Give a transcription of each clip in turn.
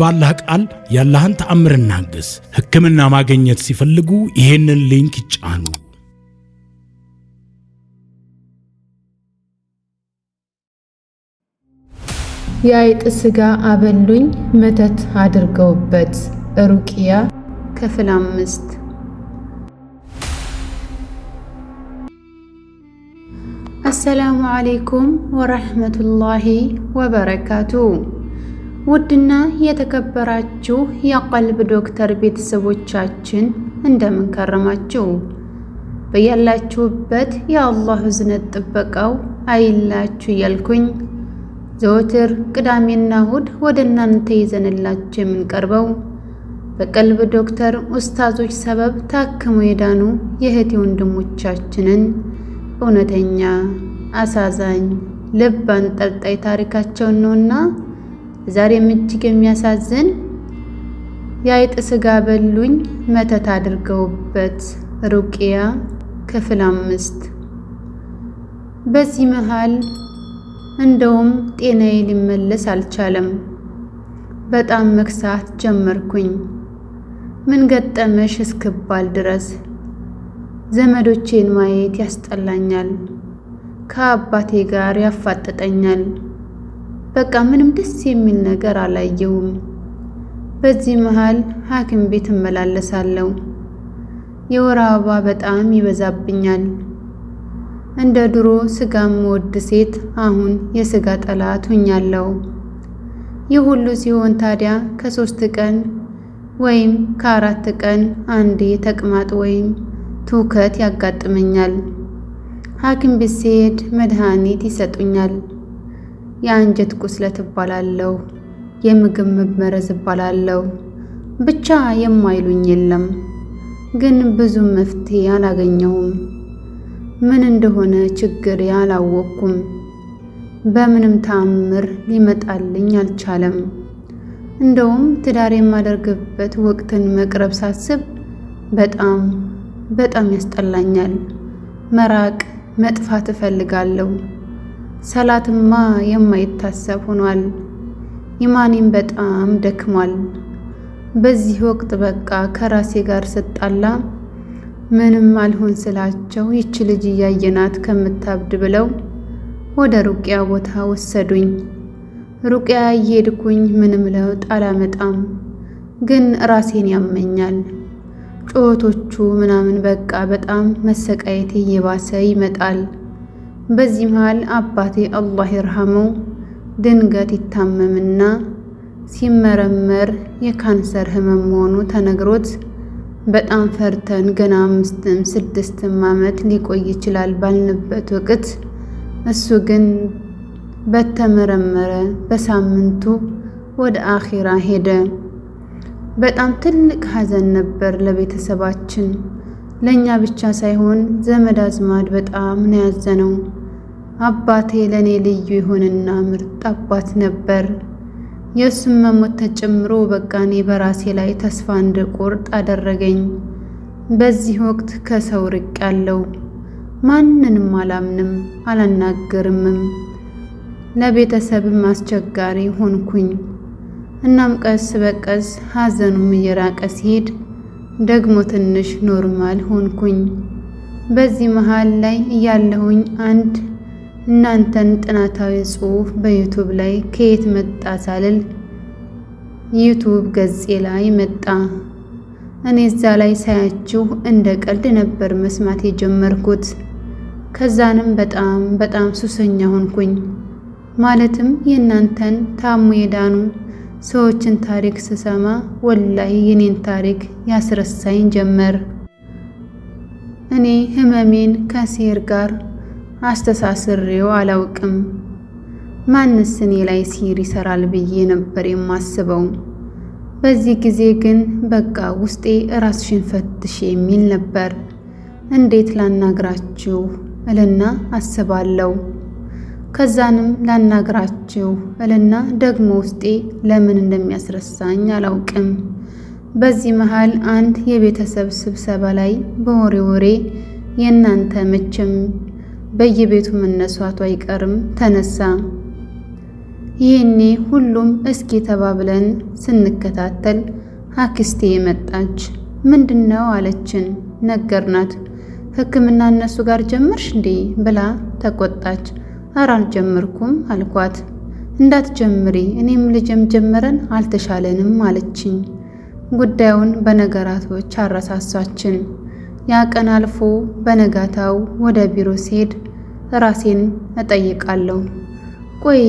ባላህ ቃል ያላህን ተአምር እናገስ። ሕክምና ማግኘት ሲፈልጉ ይሄንን ሊንክ ይጫኑ። የአይጥ ስጋ አበሉኝ መተት አድርገውበት ሩቅያ ክፍል አምስት አሰላሙ አሌይኩም ወረሕመቱላሂ ወበረካቱ ውድና የተከበራችሁ የቀልብ ዶክተር ቤተሰቦቻችን እንደምን ከረማችሁ? በያላችሁበት የአላህ እዝነት ጥበቃው አይላችሁ እያልኩኝ ዘወትር ቅዳሜና እሁድ ወደ እናንተ ይዘንላችሁ የምንቀርበው በቀልብ ዶክተር ኡስታዞች ሰበብ ታክሞ የዳኑ የእህቴ ወንድሞቻችንን እውነተኛ አሳዛኝ ልብ አንጠልጣይ ታሪካቸውን ነውና ዛሬም እጅግ የሚያሳዝን የአይጥ ስጋ በሉኝ መተት አድርገውበት ሩቅያ ክፍል አምስት በዚህ መሃል እንደውም ጤናዬ ሊመለስ አልቻለም። በጣም መክሳት ጀመርኩኝ ምን ገጠመሽ እስክባል ድረስ ዘመዶቼን ማየት ያስጠላኛል፣ ከአባቴ ጋር ያፋጥጠኛል። በቃ ምንም ደስ የሚል ነገር አላየውም! በዚህ መሃል ሐኪም ቤት እመላለሳለሁ። የወር አበባ በጣም ይበዛብኛል። እንደ ድሮ ስጋ ወድ ሴት አሁን የስጋ ጠላት ሁኛለሁ። ይህ ሁሉ ሲሆን ታዲያ ከሶስት ቀን ወይም ከአራት ቀን አንዴ ተቅማጥ ወይም ትውከት ያጋጥመኛል። ሐኪም ቤት ስሄድ መድኃኒት ይሰጡኛል። የአንጀት ቁስለት እባላለሁ፣ የምግብ መመረዝ እባላለሁ፣ ብቻ የማይሉኝ የለም። ግን ብዙ መፍትሄ አላገኘሁም። ምን እንደሆነ ችግር አላወቅኩም። በምንም ተአምር ሊመጣልኝ አልቻለም። እንደውም ትዳር የማደርግበት ወቅትን መቅረብ ሳስብ በጣም በጣም ያስጠላኛል። መራቅ መጥፋት እፈልጋለሁ። ሰላትማ የማይታሰብ ሆኗል። ኢማኔም በጣም ደክሟል። በዚህ ወቅት በቃ ከራሴ ጋር ስጣላ ምንም አልሆን ስላቸው ይች ልጅ እያየናት ከምታብድ ብለው ወደ ሩቅያ ቦታ ወሰዱኝ። ሩቅያ እየሄድኩኝ ምንም ለውጥ አላመጣም፣ ግን ራሴን ያመኛል። ጩኸቶቹ ምናምን በቃ በጣም መሰቃየቴ እየባሰ ይመጣል። በዚህ መሃል አባቴ አላህ ይርሐመው ድንገት ይታመምና ሲመረመር የካንሰር ህመም መሆኑ ተነግሮት በጣም ፈርተን ገና አምስትም ስድስትም ዓመት ሊቆይ ይችላል ባልንበት ወቅት እሱ ግን በተመረመረ በሳምንቱ ወደ አኺራ ሄደ። በጣም ትልቅ ሀዘን ነበር ለቤተሰባችን። ለእኛ ብቻ ሳይሆን ዘመድ አዝማድ በጣም ነው ያዘነው። አባቴ ለእኔ ልዩ የሆነና ምርጥ አባት ነበር። የእሱም መሞት ተጨምሮ በቃ እኔ በራሴ ላይ ተስፋ እንድቆርጥ አደረገኝ። በዚህ ወቅት ከሰው ርቅ ያለው ማንንም አላምንም አላናገርምም፣ ለቤተሰብም አስቸጋሪ ሆንኩኝ። እናም ቀስ በቀስ ሀዘኑም እየራቀ ሲሄድ ደግሞ ትንሽ ኖርማል ሆንኩኝ። በዚህ መሃል ላይ እያለሁኝ አንድ እናንተን ጥናታዊ ጽሑፍ በዩቱብ ላይ ከየት መጣ ሳልል ዩቱብ ገጼ ላይ መጣ። እኔ እዛ ላይ ሳያችሁ እንደ ቀልድ ነበር መስማት የጀመርኩት። ከዛንም በጣም በጣም ሱሰኛ ሆንኩኝ። ማለትም የእናንተን ታሙ የዳኑ ሰዎችን ታሪክ ስሰማ ወላሂ የኔን ታሪክ ያስረሳኝ ጀመር። እኔ ህመሜን ከሴር ጋር አስተሳስሬው አላውቅም። ማንስ እኔ ላይ ሲር ይሰራል ብዬ ነበር የማስበው። በዚህ ጊዜ ግን በቃ ውስጤ እራስሽን ፈትሽ የሚል ነበር። እንዴት ላናግራችሁ እልና አስባለሁ። ከዛንም ላናግራችሁ እልና ደግሞ ውስጤ ለምን እንደሚያስረሳኝ አላውቅም። በዚህ መሃል አንድ የቤተሰብ ስብሰባ ላይ በወሬ ወሬ የእናንተ መቼም በየቤቱ መነሷቱ አይቀርም ተነሳ። ይህኔ ሁሉም እስኪ ተባብለን ስንከታተል አክስቴ የመጣች ምንድን ነው አለችን። ነገርናት። ሕክምና እነሱ ጋር ጀመርሽ እንዴ ብላ ተቆጣች። ኧረ አልጀመርኩም አልኳት። እንዳትጀምሪ እኔም ልጅም ጀመረን አልተሻለንም አለችኝ። ጉዳዩን በነገራቶች አረሳሳችን። ያ ቀን አልፎ በነጋታው ወደ ቢሮ ስሄድ ራሴን እጠይቃለሁ። ቆይ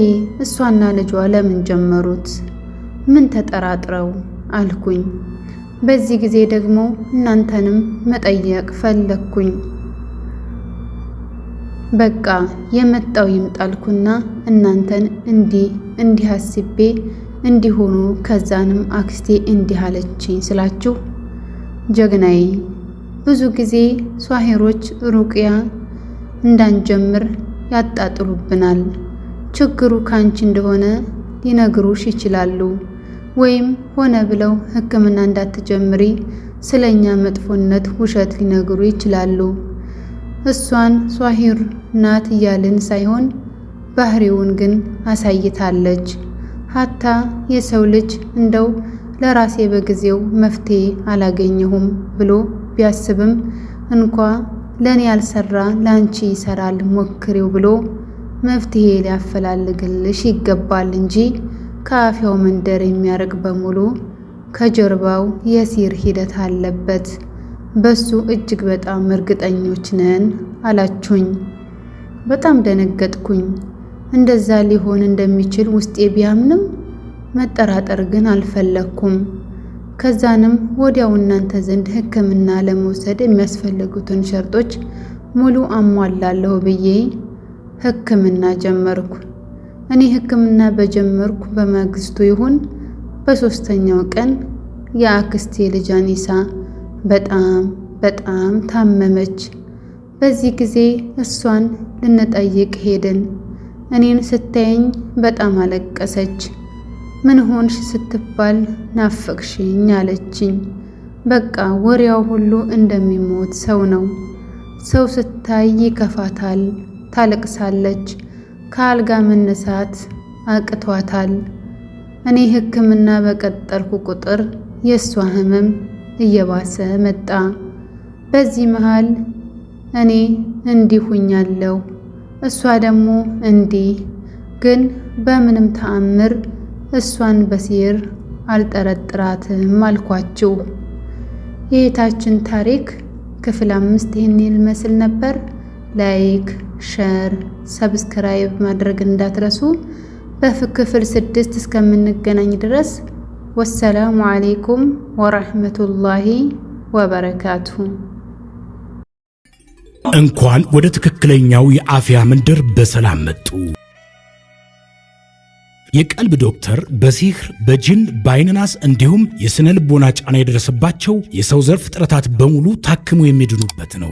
እሷና ልጇ ለምን ጀመሩት? ምን ተጠራጥረው አልኩኝ። በዚህ ጊዜ ደግሞ እናንተንም መጠየቅ ፈለግኩኝ። በቃ የመጣው ይምጣልኩና እናንተን እንዲህ እንዲህ አስቤ እንዲሆኑ ከዛንም አክስቴ እንዲህ አለችኝ ስላችሁ ጀግናዬ ብዙ ጊዜ ሷሄሮች ሩቅያ እንዳንጀምር ያጣጥሉብናል። ችግሩ ካንቺ እንደሆነ ሊነግሩሽ ይችላሉ። ወይም ሆነ ብለው ሕክምና እንዳትጀምሪ ስለኛ መጥፎነት ውሸት ሊነግሩ ይችላሉ። እሷን ሷሂር ናት እያልን ሳይሆን ባህሪውን ግን አሳይታለች። ሀታ የሰው ልጅ እንደው ለራሴ በጊዜው መፍትሄ አላገኘሁም ብሎ ቢያስብም እንኳ ለእኔ ያልሰራ ለአንቺ ይሰራል ሞክሬው ብሎ መፍትሄ ሊያፈላልግልሽ ይገባል እንጂ ከአፊያው መንደር የሚያርቅ በሙሉ ከጀርባው የሲር ሂደት አለበት። በሱ እጅግ በጣም እርግጠኞች ነን አላችሁኝ። በጣም ደነገጥኩኝ። እንደዛ ሊሆን እንደሚችል ውስጤ ቢያምንም መጠራጠር ግን አልፈለግኩም። ከዛንም ወዲያው እናንተ ዘንድ ሕክምና ለመውሰድ የሚያስፈልጉትን ሸርጦች ሙሉ አሟላለሁ ብዬ ሕክምና ጀመርኩ። እኔ ሕክምና በጀመርኩ በማግስቱ ይሁን በሶስተኛው ቀን የአክስቴ ልጅ አኒሳ በጣም በጣም ታመመች። በዚህ ጊዜ እሷን ልንጠይቅ ሄድን። እኔን ስታየኝ በጣም አለቀሰች። ምን ሆንሽ ስትባል ናፈቅሽኝ አለችኝ። በቃ ወሬያው ሁሉ እንደሚሞት ሰው ነው። ሰው ስታይ ይከፋታል፣ ታለቅሳለች፣ ከአልጋ መነሳት አቅቷታል። እኔ ሕክምና በቀጠልኩ ቁጥር የእሷ ህመም እየባሰ መጣ። በዚህ መሃል እኔ እንዲሁኛለሁ እሷ ደግሞ እንዲህ ግን በምንም ተአምር እሷን በሲር አልጠረጥራትም አልኳችሁ። የየታችን ታሪክ ክፍል አምስት ይህን ይመስል ነበር። ላይክ፣ ሸር፣ ሰብስክራይብ ማድረግ እንዳትረሱ። በክፍል ስድስት እስከምንገናኝ ድረስ ወሰላሙ አሌይኩም ወረህመቱላሂ ወበረካቱሁ። እንኳን ወደ ትክክለኛው የአፍያ መንደር በሰላም መጡ። የቀልብ ዶክተር በሲህር በጅን በአይነናስ እንዲሁም የሥነ ልቦና ጫና የደረሰባቸው የሰው ዘር ፍጥረታት በሙሉ ታክሞ የሚድኑበት ነው።